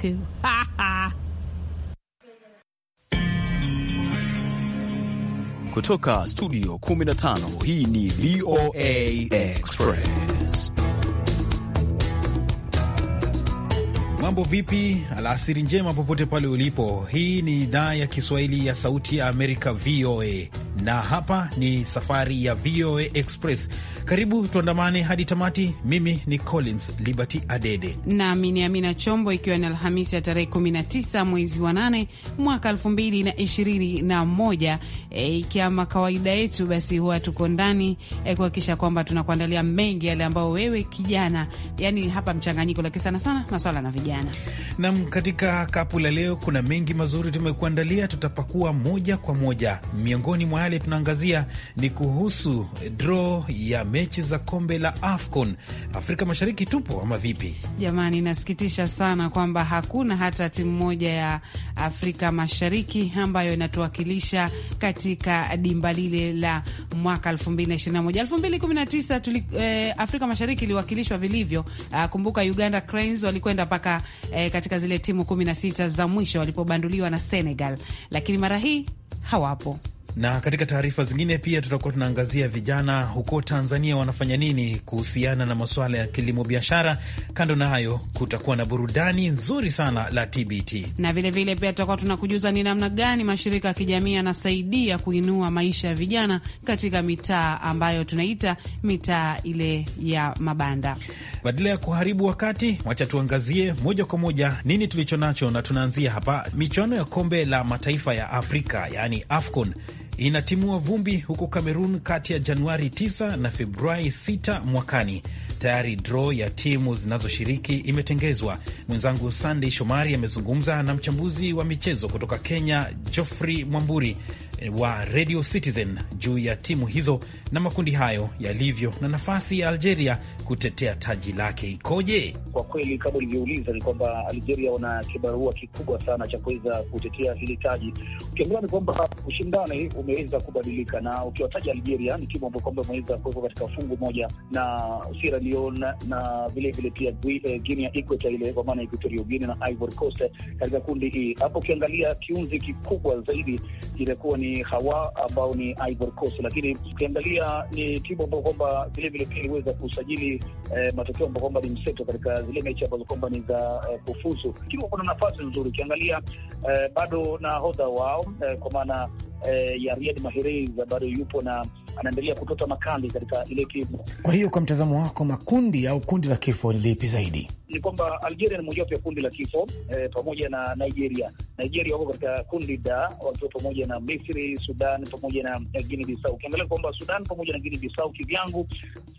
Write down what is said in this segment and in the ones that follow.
too. Ha ha. Kutoka studio 15 hii ni VOA Express. Mambo vipi? Alasiri njema popote pale ulipo. Hii ni idhaa ya Kiswahili ya Sauti ya Amerika VOA na hapa ni safari ya VOA Express. Karibu tuandamane hadi tamati. Mimi ni Collins Liberty Adede nami ni Amina Chombo, ikiwa ni Alhamisi ya tarehe 19 mwezi wa 8 mwaka 2021. E, ikiama kawaida yetu, basi huwa tuko ndani e, kuhakikisha kwamba tunakuandalia mengi yale ambayo wewe kijana, yani hapa mchanganyiko, lakini sana sana maswala na vijana. Nam, katika kapu la leo kuna mengi mazuri tumekuandalia, tutapakua moja kwa moja miongoni mwa yale tunaangazia ni kuhusu draw ya mechi za kombe la AFCON. Afrika Mashariki tupo ama vipi? Jamani, inasikitisha sana kwamba hakuna hata timu moja ya Afrika Mashariki ambayo inatuwakilisha katika dimba lile la mwaka 2021. 2019 tuli, eh, Afrika Mashariki iliwakilishwa vilivyo. Ah, kumbuka Uganda Cranes walikwenda mpaka eh, katika zile timu 16 za mwisho walipobanduliwa na Senegal, lakini mara hii hawapo. Na katika taarifa zingine pia tutakuwa tunaangazia vijana huko Tanzania wanafanya nini kuhusiana na masuala ya kilimo biashara. Kando na hayo, kutakuwa na burudani nzuri sana la TBT na vilevile vile pia tutakuwa tunakujuza ni namna gani mashirika ya kijamii yanasaidia kuinua maisha ya vijana katika mitaa ambayo tunaita mitaa ile ya mabanda. Badala ya kuharibu wakati, wacha tuangazie moja kwa moja nini tulicho nacho, na tunaanzia hapa michuano ya kombe la mataifa ya Afrika, yaani AFCON inatimua vumbi huko Kamerun kati ya Januari 9 na Februari 6 mwakani. Tayari draw ya timu zinazoshiriki imetengezwa. Mwenzangu Sandey Shomari amezungumza na mchambuzi wa michezo kutoka Kenya, Geoffrey Mwamburi, Eh, wa Radio Citizen juu ya timu hizo na makundi hayo yalivyo na nafasi ya Algeria kutetea taji lake ikoje? Kwa kweli, kama ulivyouliza, ni kwamba Algeria wana kibarua kikubwa sana cha kuweza kutetea hili taji. Ukiangalia ni kwamba ushindani umeweza kubadilika, na ukiwataja Algeria ni timu ambayo kwamba imeweza kuwekwa katika fungu moja na Sierra Leone na vilevile pia eh, Guinea Ikweta ile kwa maana Equatorio Guinea na Ivory Coast katika kundi hii. E. Hapo ukiangalia kiunzi kikubwa zaidi kimekuwa ni ni hawa ambao ni Ivory Coast, lakini ukiangalia ni timu ambao kwamba vilevile pia iliweza kusajili eh, matokeo ambao kwamba ni mseto katika zile mechi ambazo kwamba ni za eh, kufuzu. Kiwa kuna nafasi nzuri ukiangalia eh, bado nahodha wao eh, kwa maana eh, ya Riyad Mahrez bado yupo na anaendelea kutota makali katika ile timu. Kwa hiyo kwa mtazamo wako, makundi au kundi la kifo ni lipi zaidi? ni kwamba Algeria ni mojawapo ya kundi la kifo eh, pamoja na Nigeria. Nigeria wako katika kundi da wakiwa pamoja na Misri, Sudan pamoja na Guini Bisau. Ukiangalia kwamba Sudan pamoja na Guini Bisau kivyangu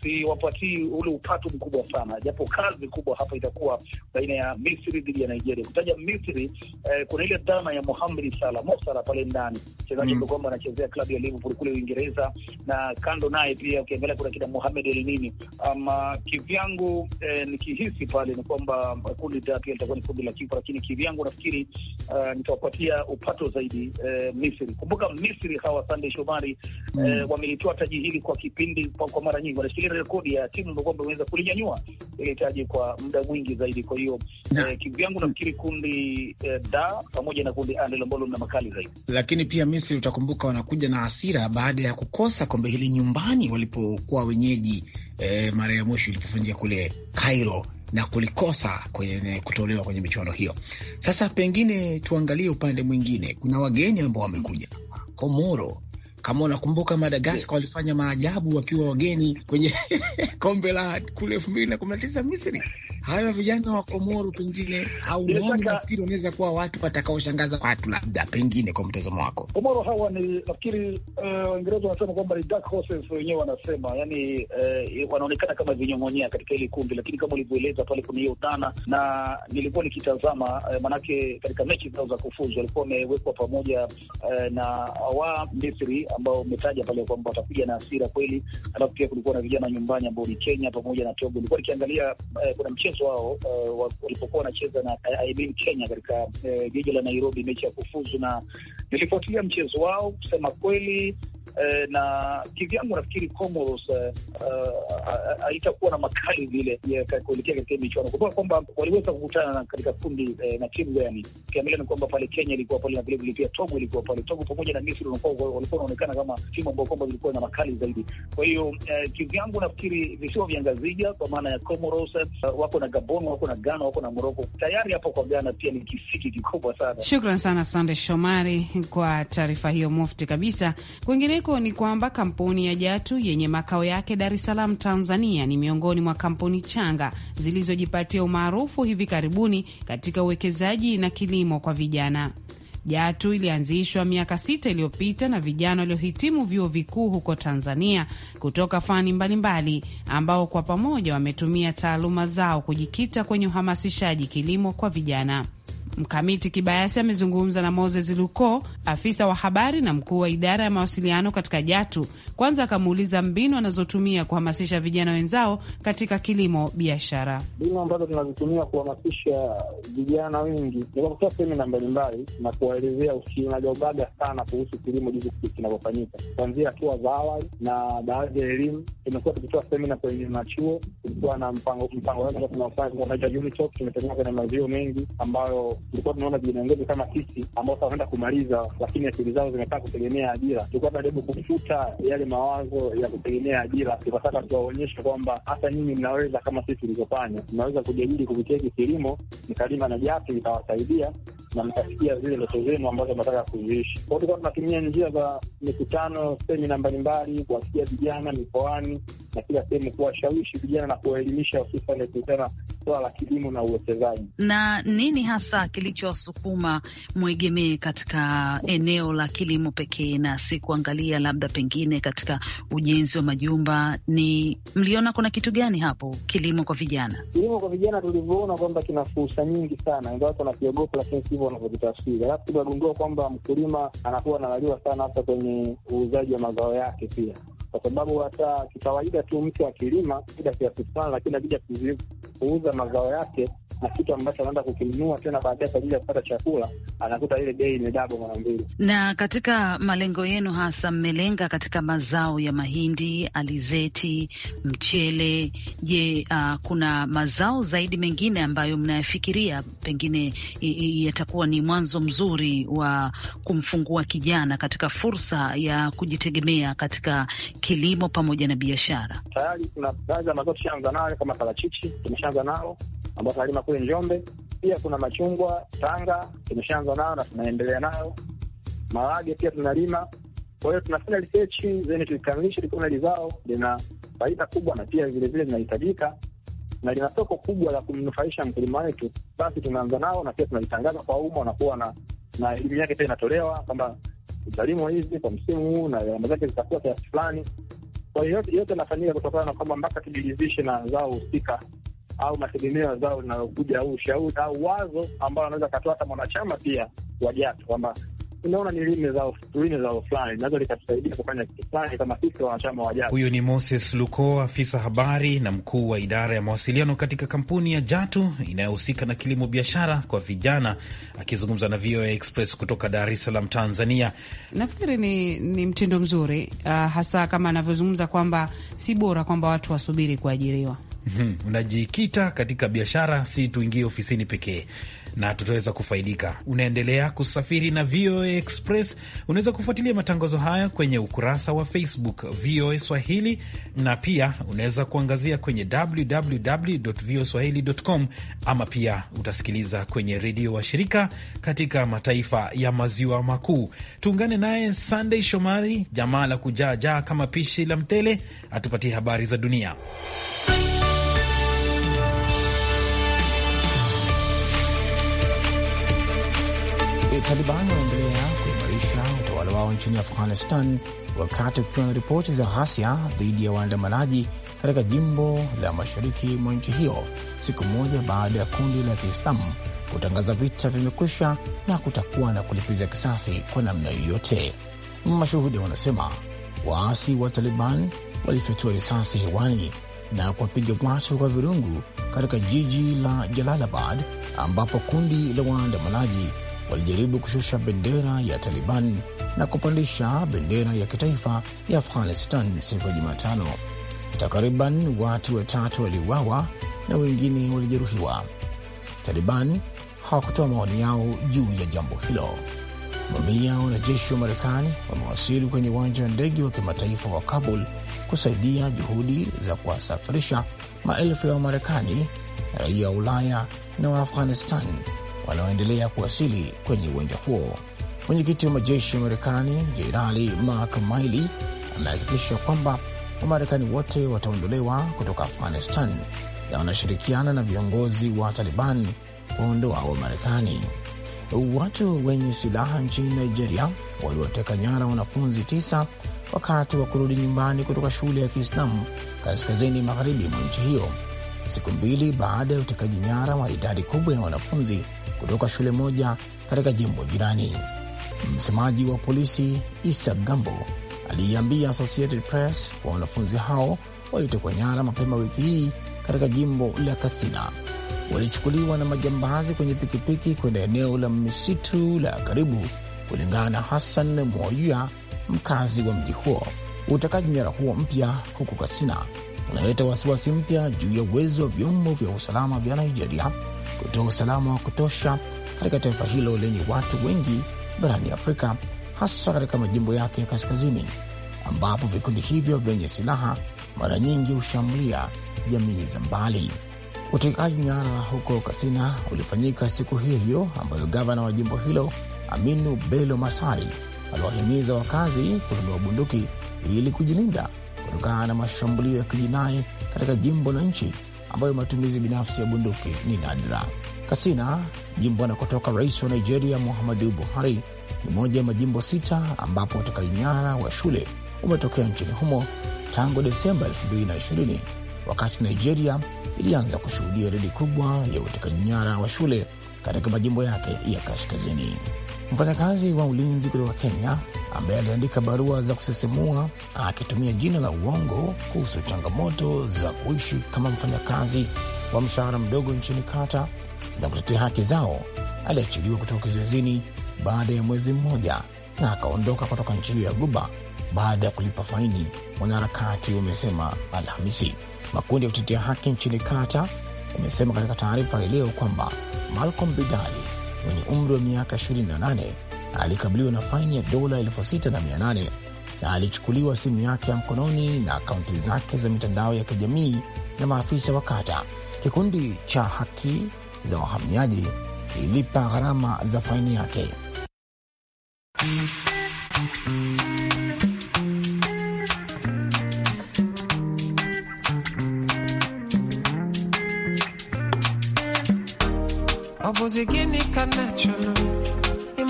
siwapatii ule upatu mkubwa sana, japo kazi kubwa hapa itakuwa baina ya Misri dhidi ya Nigeria. Kutaja Misri eh, kuna ile dhana ya Mohamed Salah, Mo pale ndani mchezaji mm, kwamba anachezea klabu ya Liverpool kule Uingereza, na kando naye pia ukiangalia kuna kina Mohamed Elnini ama kivyangu eh, nikihisi pale ni kwamba kundi lake litakuwa ni kundi la kipa, lakini kivyangu nafikiri uh, nitawapatia upato zaidi uh, Misri. Kumbuka Misri hawa Sande Shomari mm. uh, eh, wamelitoa taji hili kwa kipindi kwa, kwa mara nyingi wanashikilia rekodi ya timu ambayo kwamba imeweza kulinyanyua ile taji kwa muda mwingi zaidi. Kwa hiyo uh, kivyangu nafikiri kundi uh, da pamoja na kundi andel ambalo lina makali zaidi, lakini pia Misri utakumbuka wanakuja na hasira baada ya kukosa kombe hili nyumbani walipokuwa wenyeji eh, mara ya mwisho ilipofanyika kule Cairo na kulikosa kwenye kutolewa kwenye michuano hiyo. Sasa pengine tuangalie upande mwingine, kuna wageni ambao wamekuja Komoro kama unakumbuka Madagaskar walifanya maajabu wakiwa wageni kwenye kombe la kule elfu mbili na kumi na tisa Misri. Hawa vijana wa Komoro pengine au nani nafikiri wanaweza kuwa watu watakaoshangaza watu, labda pengine, kwa mtazamo wako. Komoro hawa ni nafikiri eh, Waingereza wanasema kwamba ni dark horses wenyewe wanasema, yani uh, wanaonekana kama vinyong'onyea katika hili kundi, lakini kama ulivyoeleza pale kuna hiyo dhana, na nilikuwa nikitazama uh, manake katika mechi zao za kufuzu walikuwa wamewekwa pamoja uh, na wa Misri ambao umetaja pale kwamba watakuja na hasira kweli. Alafu pia kulikuwa na vijana nyumbani ambao ni Kenya pamoja na Togo. Nilikuwa nikiangalia eh, kuna mchezo wao eh, walipokuwa wanacheza na eh, I mean Kenya katika eh, jiji la Nairobi, mechi ya kufuzu, na nilifuatilia mchezo wao kusema kweli Eh, na kivyangu nafikiri Comoros eh, eh, haitakuwa eh, uh, na makali vile kuelekea katika michuano. Kumbuka kwamba waliweza kukutana katika kundi eh, na timu gani. Ukiangalia ni kwamba pale Kenya ilikuwa pale na vilevile pia Togo ilikuwa pale. Togo pamoja na Misri walikuwa wanaonekana kama timu ambao kwamba zilikuwa na makali zaidi. Kwa hiyo eh, kivyangu nafikiri visiwa vya Ngazija kwa maana ya Comoros, uh, wako na Gabon, wako na Ghana, wako na Moroko tayari. Hapo kwa Ghana pia ni kisiki kikubwa sana. Shukran sana Sande Shomari kwa taarifa hiyo mufti kabisa. Kwingineko ongezeko ni kwamba kampuni ya Jatu yenye makao yake Dar es Salaam, Tanzania, ni miongoni mwa kampuni changa zilizojipatia umaarufu hivi karibuni katika uwekezaji na kilimo kwa vijana. Jatu ilianzishwa miaka sita iliyopita na vijana waliohitimu vyuo vikuu huko Tanzania kutoka fani mbalimbali mbali, ambao kwa pamoja wametumia taaluma zao kujikita kwenye uhamasishaji kilimo kwa vijana. Mkamiti Kibayasi amezungumza na Moses Luko, afisa wa habari na mkuu wa idara ya mawasiliano katika Jatu. Kwanza akamuuliza mbinu anazotumia kuhamasisha vijana wenzao katika kilimo biashara. Mbinu ambazo tunazitumia kuhamasisha vijana wengi ni kwa kutoa semina mbalimbali na kuwaelezea usinagaubaga sana kuhusu kilimo jinsi kinavyofanyika, kuanzia hatua za awali na baadhi ya elimu. Tumekuwa tukitoa semina kwenye machuo, tulikuwa na mpango mpango tunaofanya tunaita UNITOP, tumetengeneza kwenye mazio mengi ambayo tulikuwa tunaona vijana kama sisi ambao sasa wanaenda kumaliza, lakini akili zao zimetaka kutegemea ajira. Tulikuwa tunajaribu kufuta yale mawazo ya kutegemea ajira, tukataka tuwaonyeshe kwamba hata nyinyi mnaweza kama sisi tulivyofanya, mnaweza kujiajiri kupitia hiki kilimo, mkalima na japi ikawasaidia na mkafikia zile ndoto zenu ambazo mnataka kuziishi. Kwao tulikuwa tunatumia njia za mikutano, semina mbalimbali, kuwafikia vijana mikoani na kila sehemu, kuwashawishi vijana na kuwaelimisha, hususan kuhusiana swala la kilimo na uwekezaji. Na nini hasa kilichowasukuma mwegemee katika eneo la kilimo pekee na si kuangalia labda pengine katika ujenzi wa majumba? Ni mliona kuna kitu gani hapo? Kilimo kwa vijana, kilimo kwa vijana tulivyoona kwamba kina fursa nyingi sana, ingawa wanakiogopa, lakini sivyo wanavyojitafsiri. Alafu tunagundua kwamba mkulima anakuwa analaliwa sana hasa kwenye uuzaji wa mazao yake pia kwa sababu hata kikawaida tu mtu akilima ida kiasi fulani, lakini akija kuuza mazao yake na kitu ambacho anaenda kukinunua tena baadaye kwa ajili ya kupata chakula, anakuta ile bei imedabo mara mbili. Na katika malengo yenu hasa mmelenga katika mazao ya mahindi, alizeti, mchele. Je, uh, kuna mazao zaidi mengine ambayo mnayafikiria pengine yatakuwa ni mwanzo mzuri wa kumfungua kijana katika fursa ya kujitegemea katika kilimo pamoja na biashara. Tayari kuna baadhi ya mazao tushaanza nayo kama parachichi tumeshaanza nao ambao tunalima kule Njombe. Pia kuna machungwa Tanga tumeshaanza nayo na tunaendelea nayo. Maharage pia tunalima. Kwa hiyo tunafanya research zeni, tulikamilisha likomeli zao lina faida kubwa na pia vilevile linahitajika na lina soko kubwa la kumnufaisha mkulima wetu, basi tunaanza nao na pia tunalitangaza kwa umma, wanakuwa na, na elimu yake pia inatolewa kwamba utalimwa hizi kwa msimu huu na gharama zake zitakuwa kiasi fulani. Kwa hiyo yote anafanyika kutokana na kwamba mpaka tujiridhishe na zao husika au mategemeo ya zao linalokuja au ushauri au wazo ambao anaweza akatoa hata mwanachama pia wa JATU kwamba unaona ni lini likatusaidia kufanya kitu fulani kama sisi wanachama wa Jatu. Huyu ni Moses Luko, afisa habari na mkuu wa idara ya mawasiliano katika kampuni ya Jatu inayohusika na kilimo biashara kwa vijana, akizungumza na VOA Express kutoka Dar es Salaam, Tanzania. Nafikiri ni, ni mtindo mzuri uh, hasa kama anavyozungumza kwamba si bora kwamba watu wasubiri kuajiriwa. Unajikita katika biashara, si tuingie ofisini pekee na tutaweza kufaidika. Unaendelea kusafiri na VOA Express. Unaweza kufuatilia matangazo haya kwenye ukurasa wa Facebook VOA Swahili, na pia unaweza kuangazia kwenye www www.voaswahili.com, ama pia utasikiliza kwenye redio wa shirika katika mataifa ya maziwa makuu. Tuungane naye Sunday Shomari, jamaa la kujaajaa kama pishi la mtele, atupatie habari za dunia. Ee, Taliban wanaendelea kuimarisha utawala wao nchini Afghanistan wakati kukiwa na ripoti za ghasia dhidi ya waandamanaji katika jimbo la mashariki mwa nchi hiyo, siku moja baada ya kundi la Kiislamu kutangaza vita vimekwisha na kutakuwa na kulipiza kisasi kwa namna yoyote. Mashuhuda wanasema waasi wa Taliban walifyatua risasi hewani na kuwapiga watu kwa virungu katika jiji la Jalalabad ambapo kundi la waandamanaji walijaribu kushusha bendera ya Taliban na kupandisha bendera ya kitaifa ya Afghanistan siku ya Jumatano. Takriban watu watatu waliuawa na wengine walijeruhiwa. Taliban hawakutoa maoni yao juu ya jambo hilo. Mamia ya wanajeshi wa Marekani wamewasili kwenye uwanja wa ndege wa kimataifa wa Kabul kusaidia juhudi za kuwasafirisha maelfu ya Wamarekani raia wa Ulaya na waafghanistani wanaoendelea kuwasili kwenye uwanja huo. Mwenyekiti wa majeshi ya Marekani Jenerali Mark Milley amehakikisha kwamba Wamarekani wote wataondolewa kutoka Afghanistan na wanashirikiana na viongozi wa Taliban kuondoa Wamarekani. Watu wenye silaha nchini Nigeria waliwateka nyara wanafunzi tisa wakati wa kurudi nyumbani kutoka shule ya Kiislamu kaskazini magharibi mwa nchi hiyo siku mbili baada ya utekaji nyara wa idadi kubwa ya wanafunzi kutoka shule moja katika jimbo jirani. Msemaji wa polisi Isa Gambo aliiambia Associated Press kwa wanafunzi hao walitekwa nyara mapema wiki hii katika jimbo la Katsina walichukuliwa na majambazi kwenye pikipiki kwenda eneo la misitu la karibu, kulingana na Hassan Mwoya, mkazi wa mji huo. Utekaji nyara huo mpya huko Katsina unaleta wasiwasi mpya juu ya uwezo wa vyombo vya usalama vya Nigeria kutoa usalama wa kutosha katika taifa hilo lenye watu wengi barani Afrika, hasa katika majimbo yake ya kaskazini ambapo vikundi hivyo vyenye silaha mara nyingi hushambulia jamii za mbali. Utekaji nyara huko Katsina ulifanyika siku hiyo hiyo ambayo gavana wa jimbo hilo Aminu Bello Masari aliwahimiza wakazi kununua bunduki ili kujilinda kutokana na mashambulio ya kijinai katika jimbo la nchi ambayo matumizi binafsi ya bunduki ni nadra. Kasina, jimbo anakotoka rais wa Nigeria Muhammadu Buhari, ni moja ya majimbo sita ambapo utekaji nyara wa shule umetokea nchini humo tangu Desemba 2020 wakati Nigeria ilianza kushuhudia idadi kubwa ya utekaji nyara wa shule katika majimbo yake ya kaskazini. Mfanyakazi wa ulinzi kutoka Kenya ambaye aliandika barua za kusisimua akitumia jina la uongo kuhusu changamoto za kuishi kama mfanyakazi wa mshahara mdogo nchini Kata na kutetea haki zao. Aliachiliwa kutoka kizuizini baada ya mwezi mmoja na akaondoka kutoka nchi hiyo ya Guba baada ya kulipa faini, wanaharakati wamesema Alhamisi. Makundi ya kutetea haki nchini Kata yamesema katika taarifa ileo kwamba Malcolm Bidali mwenye umri wa miaka 28 alikabiliwa na faini ya dola elfu sita na mia nane na alichukuliwa simu yake ya mkononi na akaunti zake za mitandao ya kijamii na maafisa wa kata. Kikundi cha haki za wahamiaji kilipa gharama za faini yake.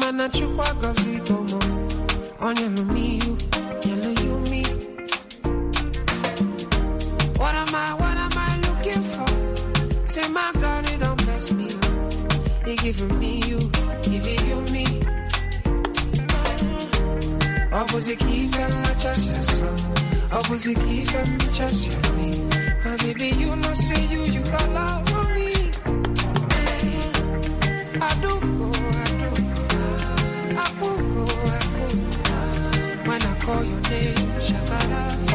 ma na-achụkwa gọzi onye nọ n'ihu nyelu what am I, what am I looking for? Say my God, it don't mess me up. He giving me you, giving you me. Ọ bụzi ka ife mmachasị sọ, ọ bụzi ka ife mmachasị me. My baby, you know say you, you got love for me. I don't go. I won't go. I won't go. When I call your name, Shabbat.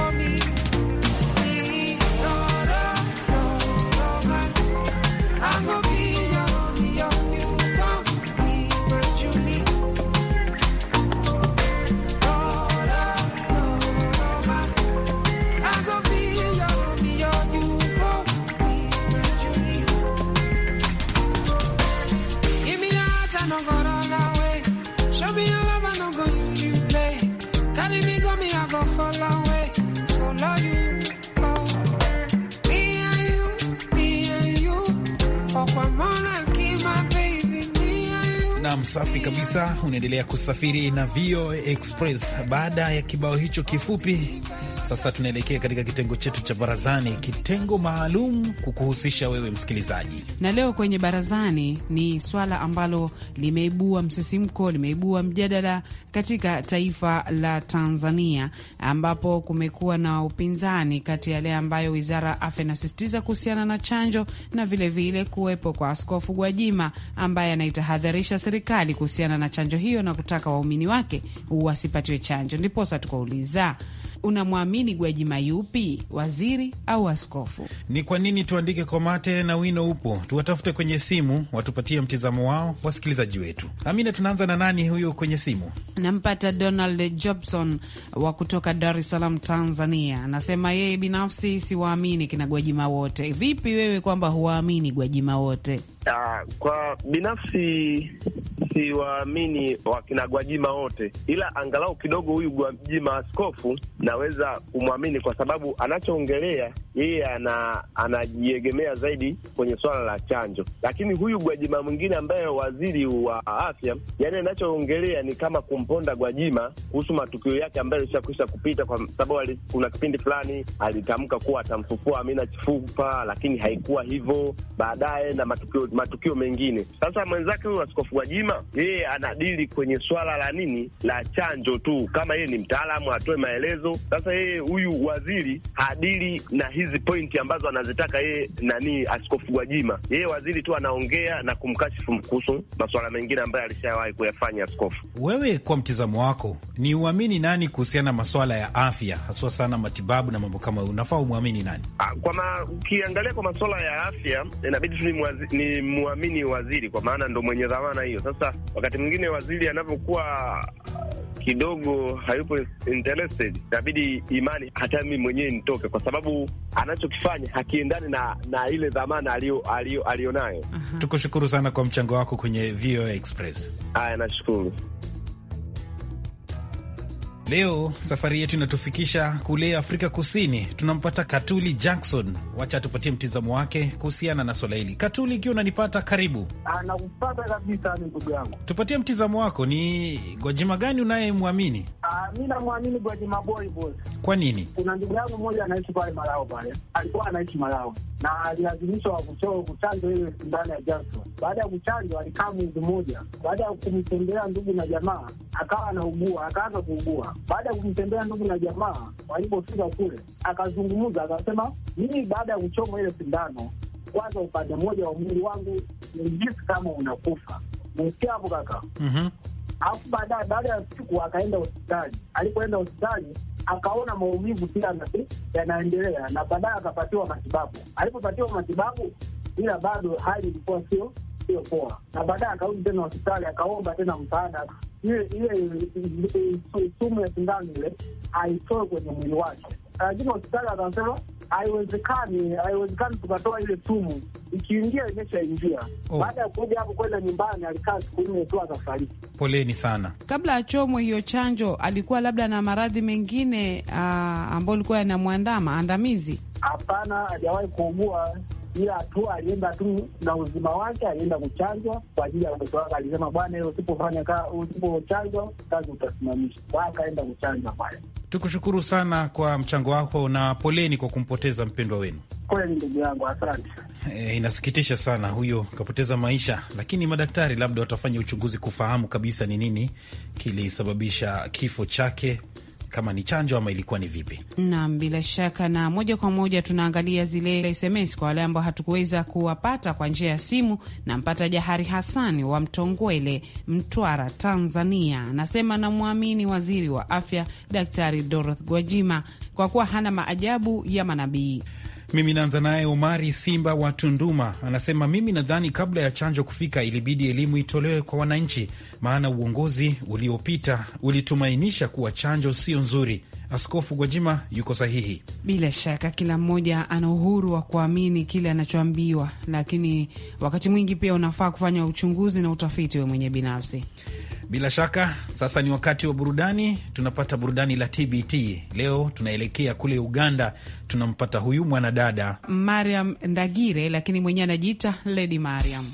Nam, oh. safi kabisa. Unaendelea kusafiri na VOA Express baada ya kibao hicho kifupi sasa tunaelekea katika kitengo chetu cha barazani, kitengo maalum kukuhusisha wewe msikilizaji. Na leo kwenye barazani ni swala ambalo limeibua msisimko, limeibua mjadala katika taifa la Tanzania, ambapo kumekuwa na upinzani kati ya yale ambayo wizara ya afya inasisitiza kuhusiana na chanjo na vilevile kuwepo kwa Askofu Gwajima ambaye anaitahadharisha serikali kuhusiana na chanjo hiyo na kutaka waumini wake wasipatiwe chanjo. Ndiposa tukauliza unamwamini Gwajima yupi, waziri au askofu? Ni kwa nini tuandike komate na wino upo, tuwatafute kwenye simu watupatie mtizamo wao wasikilizaji wetu. Amina, tunaanza na nani huyo kwenye simu? Nampata Donald Jobson wa kutoka Dar es Salaam, Tanzania. Anasema yeye binafsi siwaamini kina Gwajima wote. Vipi wewe kwamba huwaamini Gwajima wote? Uh, ah, kwa binafsi siwaamini wakina Gwajima wote, ila angalau kidogo huyu Gwajima askofu naweza kumwamini kwa sababu anachoongelea yeye ana, anajiegemea zaidi kwenye swala la chanjo, lakini huyu Gwajima mwingine ambaye waziri wa afya, yani anachoongelea ni kama kumponda Gwajima kuhusu matukio yake ambayo alishakwisha kupita, kwa sababu kuna kipindi fulani alitamka kuwa atamfufua Amina Chifupa, lakini haikuwa hivyo baadaye na matukio, matukio mengine. Sasa mwenzake huyu askofu Gwajima yeye anadili kwenye swala la nini la chanjo tu, kama yeye ni mtaalamu atoe maelezo. Sasa yeye huyu waziri hadili na hizi pointi ambazo anazitaka yeye nani, Askofu Gwajima. Yeye waziri tu anaongea na kumkashifu mkusu masuala mengine ambayo alishawahi kuyafanya askofu. Wewe kwa mtizamo wako ni uamini nani kuhusiana na maswala ya afya, haswa sana matibabu na mambo kama, unafaa umwamini nani? Ah, kwa ukiangalia kwa masuala ya afya inabidi tu ni muamini waziri, kwa maana ndo mwenye dhamana hiyo. Sasa wakati mwingine waziri anavyokuwa uh, kidogo hayupo interested, inabidi imani hata mimi mwenyewe nitoke, kwa sababu anachokifanya hakiendani na na ile dhamana aliyonayo. Tukushukuru sana kwa mchango wako kwenye VOA Express. Haya, nashukuru. Leo safari yetu inatufikisha kule Afrika Kusini. Tunampata Katuli Jackson, wacha atupatie mtizamo wake kuhusiana na swala hili. Katuli, ikiwa unanipata, karibu. Ah, nakupata kabisa ndugu yangu, tupatie mtizamo wako. Ni Gwajima gani unayemwamini? mi namwamini Gwajima Boi bos. Kwa nini? Kuna ndugu yangu mmoja anaishi pale malao pale, alikuwa anaishi malao na alilazimishwa kuchanjwa ile sindano ya Johnson. Baada ya kuchanjwa, alikaa mwezi mmoja. Baada ya kumtembea ndugu na jamaa, akawa anaugua, akaanza kuugua. Baada ya kumtembea ndugu na jamaa, walipofika kule, akazungumza akasema, mimi baada ya kuchomwa ile sindano, kwanza upande mmoja wa mwili wangu nijisi kama unakufa. Nasikia hapo kaka? mm -hmm alafu baadaye, baada ya siku akaenda hospitali. Alipoenda hospitali akaona maumivu pia yanaendelea, na baadaye akapatiwa matibabu. Alipopatiwa matibabu, ila bado hali ilikuwa sio sio poa, na baadaye akarudi tena hospitali, akaomba tena msaada, ile ile sumu ya sindano ile aitoe kwenye mwili wake. Lakini hospitali akasema haiwezekani, haiwezekani tukatoa ile sumu, ikiingia imeshaingia. Oh. Baada ya kuja hapo kwenda nyumbani, alikaa siku nne tu akafariki. Poleni sana. Kabla achomwe hiyo chanjo, alikuwa labda na maradhi mengine uh, ambayo alikuwa yanamwandama andamizi? Hapana, hajawahi kuugua ila tu alienda tu na uzima wake, alienda kuchanjwa kwa ajili ya mtoto wake. Alisema bwana, usipofanya ka usipochanjwa kazi utasimamisha, kwa akaenda kuchanjwa pale. Tukushukuru sana kwa mchango wako na poleni kwa kumpoteza mpendwa wenu. Kweli ndugu yangu, asante. E, inasikitisha sana, huyo kapoteza maisha, lakini madaktari labda watafanya uchunguzi kufahamu kabisa ni nini kilisababisha kifo chake kama ni chanjo ama ilikuwa ni vipi. Naam, bila shaka, na moja kwa moja tunaangalia zile SMS kwa wale ambao hatukuweza kuwapata kwa njia ya simu. Nampata Jahari Hasani wa Mtongwele, Mtwara, Tanzania, anasema namwamini waziri wa afya Daktari Dorothy Gwajima kwa kuwa hana maajabu ya manabii. Mimi naanza naye Omari Simba wa Tunduma, anasema mimi nadhani kabla ya chanjo kufika ilibidi elimu itolewe kwa wananchi, maana uongozi uliopita ulitumainisha kuwa chanjo sio nzuri. Askofu Gwajima yuko sahihi. Bila shaka, kila mmoja ana uhuru wa kuamini kile anachoambiwa, lakini wakati mwingi pia unafaa kufanya uchunguzi na utafiti we mwenye binafsi. Bila shaka sasa ni wakati wa burudani, tunapata burudani la TBT. Leo tunaelekea kule Uganda, tunampata huyu mwanadada Mariam Ndagire, lakini mwenyewe anajiita Lady Mariam.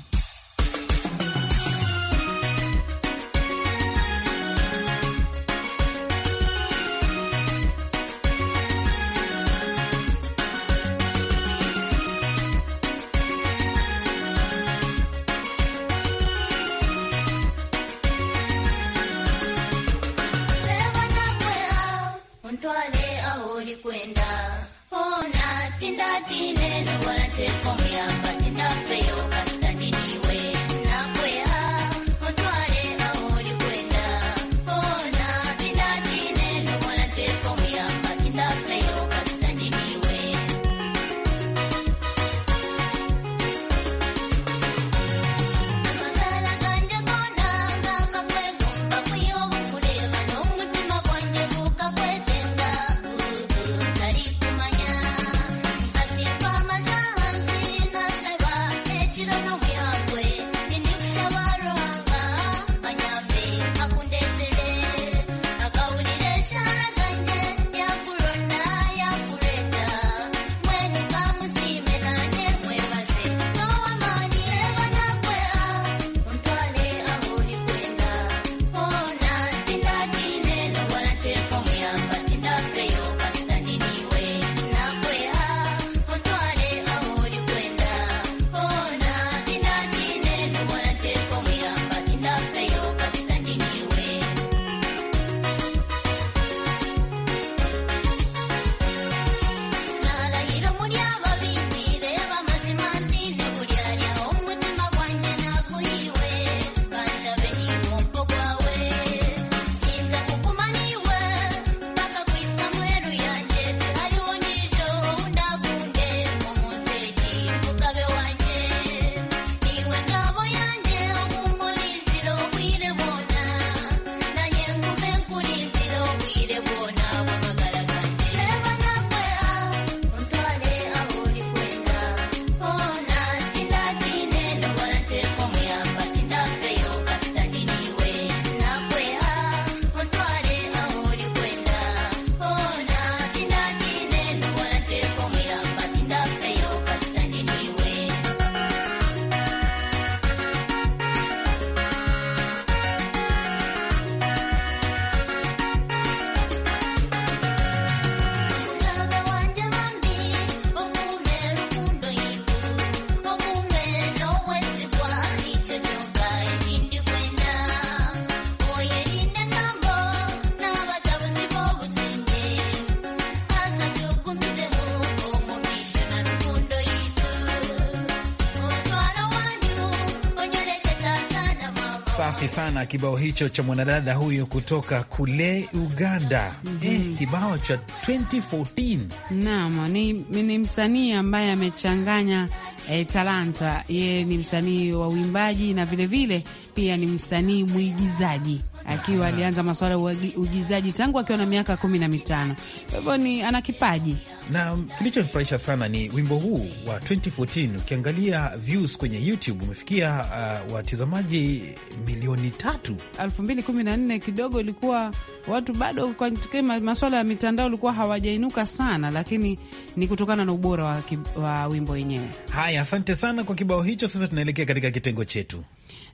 sana kibao hicho cha mwanadada huyo kutoka kule Uganda. mm -hmm. Eh, kibao cha 2014 naam, ni, ni msanii ambaye amechanganya eh, talanta. Yeye ni msanii wa uimbaji na vilevile vile, pia ni msanii mwigizaji akiwa alianza masuala ya uigizaji tangu akiwa na miaka kumi na mitano. Kwa hivyo ni ana kipaji na kilichonifurahisha sana ni wimbo huu wa 2014 ukiangalia views kwenye YouTube umefikia uh, watizamaji milioni tatu. 2014 kidogo ilikuwa watu bado katika maswala ya mitandao ulikuwa hawajainuka sana, lakini ni kutokana na ubora wa, wa wimbo wenyewe. Haya, asante sana kwa kibao hicho. Sasa tunaelekea katika kitengo chetu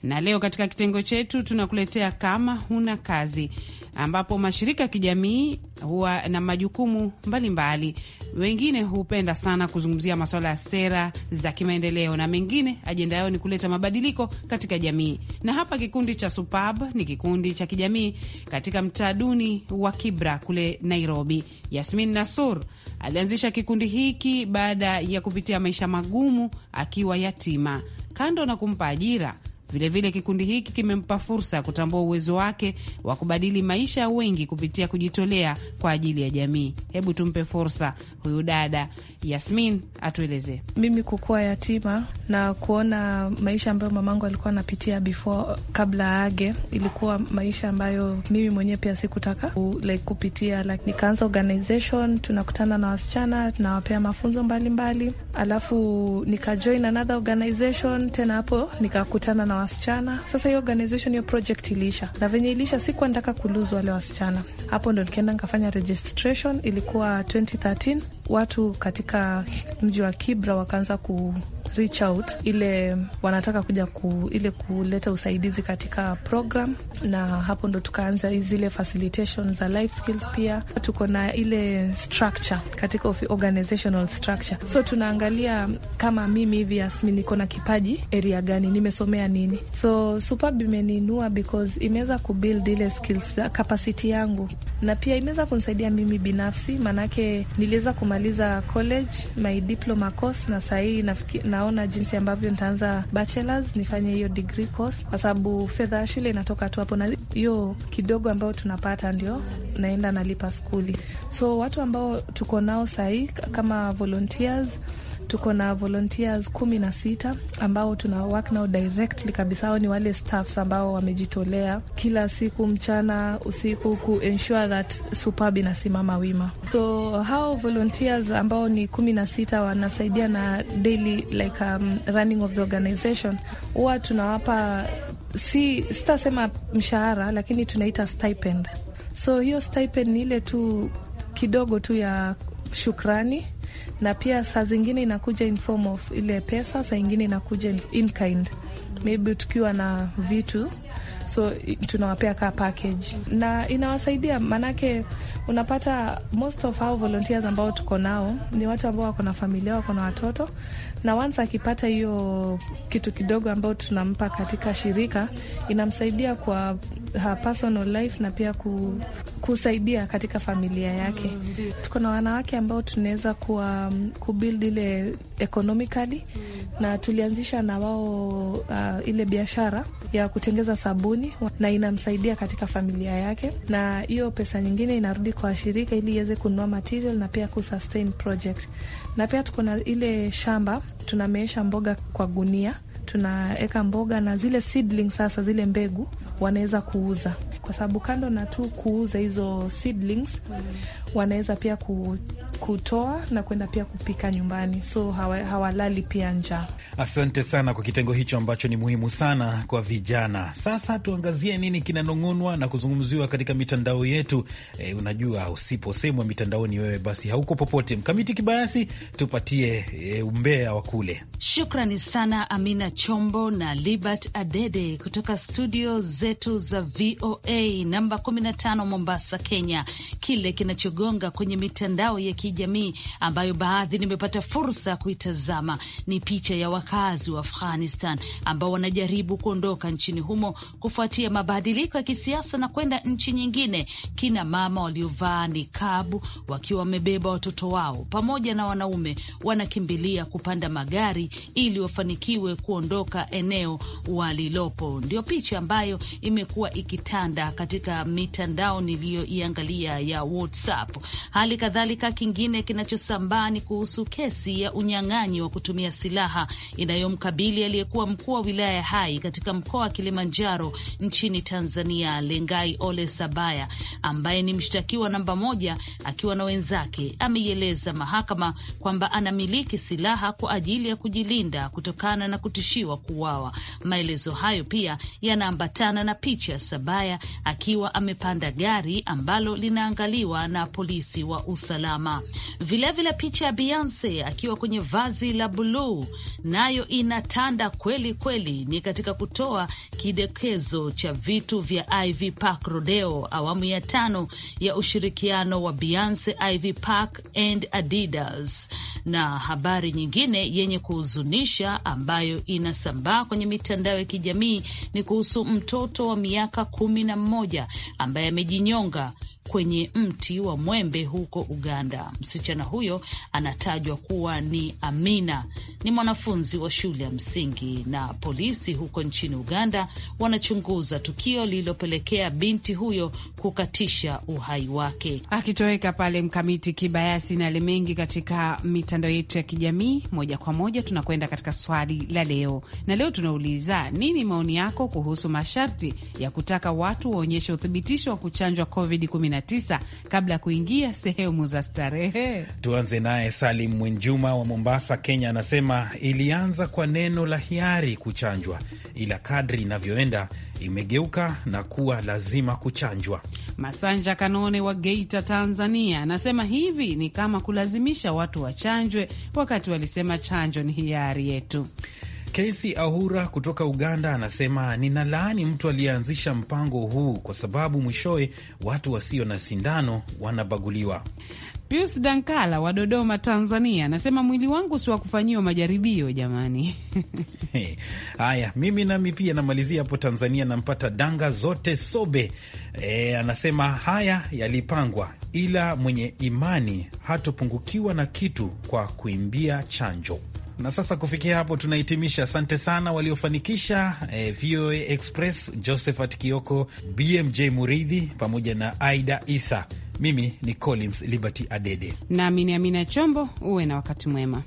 na leo katika kitengo chetu tunakuletea kama huna kazi, ambapo mashirika ya kijamii huwa na majukumu mbalimbali mbali. Wengine hupenda sana kuzungumzia masuala ya sera za kimaendeleo na mengine, ajenda yao ni kuleta mabadiliko katika jamii. Na hapa kikundi cha Supab ni kikundi cha kijamii katika mtaa duni wa Kibra kule Nairobi. Yasmin Nasur alianzisha kikundi hiki baada ya kupitia maisha magumu akiwa yatima. Kando na kumpa ajira Vilevile kikundi hiki kimempa fursa ya kutambua uwezo wake wa kubadili maisha ya wengi kupitia kujitolea kwa ajili ya jamii. Hebu tumpe fursa huyu dada Yasmin atueleze. Mimi kukuwa yatima na kuona maisha ambayo mamangu alikuwa anapitia before kabla age, ilikuwa maisha ambayo mimi mwenyewe pia sikutaka like, kupitia like, nikaanza organization, tunakutana na wasichana tunawapea mafunzo mbalimbali mbali. Alafu nikajoin another organization tena hapo nikakutana na wasichana. Sasa hiyo organization, hiyo project iliisha, na venye iliisha sikuwa nataka kuluzu wale wasichana. Hapo ndo nikaenda nikafanya registration, ilikuwa 2013 watu katika mji wa Kibra wakaanza ku reach out ile wanataka kuja ku, ile kuleta usaidizi katika program, na hapo ndo tukaanza zile facilitation za life skills. Pia tuko na ile structure katika organizational structure, so tunaangalia kama mimi hivi Yasmin niko na kipaji area gani, nimesomea nini. So Superb imeniinua because imeweza kubuild ile skills capacity yangu, na pia imeweza kunisaidia mimi binafsi, maanake niliweza kumaliza college my diploma course na sahii na naona jinsi ambavyo nitaanza bachelors, nifanye hiyo degree course, kwa sababu fedha ya shule inatoka tu hapo, na hiyo kidogo ambayo tunapata ndio naenda nalipa skuli. So watu ambao tuko nao sahii kama volunteers tuko na volunteers kumi na sita ambao tuna work nao directly kabisa. Hao ni wale staffs ambao wamejitolea kila siku mchana usiku ku ensure that SUPAB inasimama wima. So hao volunteers ambao ni kumi na sita wanasaidia na daily like um, running of the organization. Huwa tunawapa si sitasema mshahara, lakini tunaita stipend. So hiyo stipend ni ile tu kidogo tu ya shukrani na pia saa zingine inakuja in form of ile pesa, saa ingine inakuja in kind, maybe tukiwa na vitu so tunawapea ka package na inawasaidia, maanake unapata most of hao volunteers ambao tuko nao ni watu ambao wako na familia, wako na watoto, na once akipata hiyo kitu kidogo ambao tunampa katika shirika inamsaidia kwa her personal life na pia ku kusaidia katika familia yake. Tuko na wanawake ambao tunaweza kuwa mm, kubuild ile economically, na tulianzisha na wao uh, ile biashara ya kutengeza sabuni na inamsaidia katika familia yake, na hiyo pesa nyingine inarudi kwa shirika ili iweze kununua material na pia kusustain project. Na pia tuko na ile shamba tunameesha mboga kwa gunia tunaweka mboga na zile seedling, sasa zile mbegu wanaweza kuuza, kwa sababu kando na tu kuuza hizo seedlings mm wanaweza pia kutoa na kwenda pia kupika nyumbani, so hawalali hawa pia njaa. Asante sana kwa kitengo hicho ambacho ni muhimu sana kwa vijana. Sasa tuangazie nini kinanong'onwa na kuzungumziwa katika mitandao yetu. E, unajua usiposemwa mitandaoni wewe basi hauko popote. Mkamiti Kibayasi, tupatie e, umbea wa kule. Shukrani sana Amina Chombo na Libert Adede kutoka studio zetu za VOA namba 15 Mombasa, Kenya. Kile kinacho yanayogonga kwenye mitandao ya kijamii ambayo baadhi nimepata fursa ya kuitazama ni picha ya wakazi wa Afghanistan ambao wanajaribu kuondoka nchini humo kufuatia mabadiliko ya kisiasa na kwenda nchi nyingine, kina mama waliovaa nikabu wakiwa wamebeba watoto wao pamoja na wanaume wanakimbilia kupanda magari ili wafanikiwe kuondoka eneo walilopo. Ndio picha ambayo imekuwa ikitanda katika mitandao niliyoiangalia ya WhatsApp hapo. Hali kadhalika, kingine kinachosambaa ni kuhusu kesi ya unyang'anyi wa kutumia silaha inayomkabili aliyekuwa mkuu wa wilaya ya Hai katika mkoa wa Kilimanjaro nchini Tanzania, Lengai Ole Sabaya, ambaye ni mshtakiwa namba moja akiwa na wenzake, ameieleza mahakama kwamba anamiliki silaha kwa ajili ya kujilinda kutokana na kutishiwa kuuawa. Maelezo hayo pia yanaambatana na picha ya Sabaya akiwa amepanda gari ambalo linaangaliwa na polisi wa usalama. Vilevile vile picha ya Beyonce akiwa kwenye vazi la buluu nayo inatanda kweli kweli, ni katika kutoa kidekezo cha vitu vya Ivy Park Rodeo, awamu ya tano ya ushirikiano wa Beyonce, Ivy Park and Adidas. Na habari nyingine yenye kuhuzunisha ambayo inasambaa kwenye mitandao ya kijamii ni kuhusu mtoto wa miaka kumi na mmoja ambaye amejinyonga kwenye mti wa mwembe huko Uganda. Msichana huyo anatajwa kuwa ni Amina, ni mwanafunzi wa shule ya msingi, na polisi huko nchini Uganda wanachunguza tukio lililopelekea binti huyo kukatisha uhai wake. Akitoweka pale Mkamiti Kibayasi na limengi katika mita mitandao yetu ya kijamii moja kwa moja, tunakwenda katika swali la leo, na leo tunauliza nini maoni yako kuhusu masharti ya kutaka watu waonyeshe uthibitisho wa kuchanjwa COVID-19 kabla ya kuingia sehemu za starehe. Tuanze naye Salim Mwinjuma wa Mombasa, Kenya, anasema ilianza kwa neno la hiari kuchanjwa, ila kadri inavyoenda imegeuka na kuwa lazima kuchanjwa. Masanja Kanone wa Geita, Tanzania, anasema hivi ni kama kulazimisha watu wachanjwe wakati walisema chanjo ni hiari yetu. Kesi Ahura kutoka Uganda anasema ninalaani mtu aliyeanzisha mpango huu kwa sababu mwishowe watu wasio na sindano wanabaguliwa. Pius Dankala wa Dodoma, Tanzania anasema mwili wangu si wa kufanyiwa majaribio jamani. Eh, haya, hey, mimi nami pia namalizia hapo Tanzania, nampata danga zote sobe. E, anasema haya yalipangwa, ila mwenye imani hatopungukiwa na kitu kwa kuimbia chanjo. Na sasa kufikia hapo tunahitimisha. Asante sana waliofanikisha eh, VOA Express, Josephat Kioko, BMJ Muridhi pamoja na Aida Isa. Mimi ni Collins Liberty Adede nami ni Amina Chombo. Uwe na wakati mwema.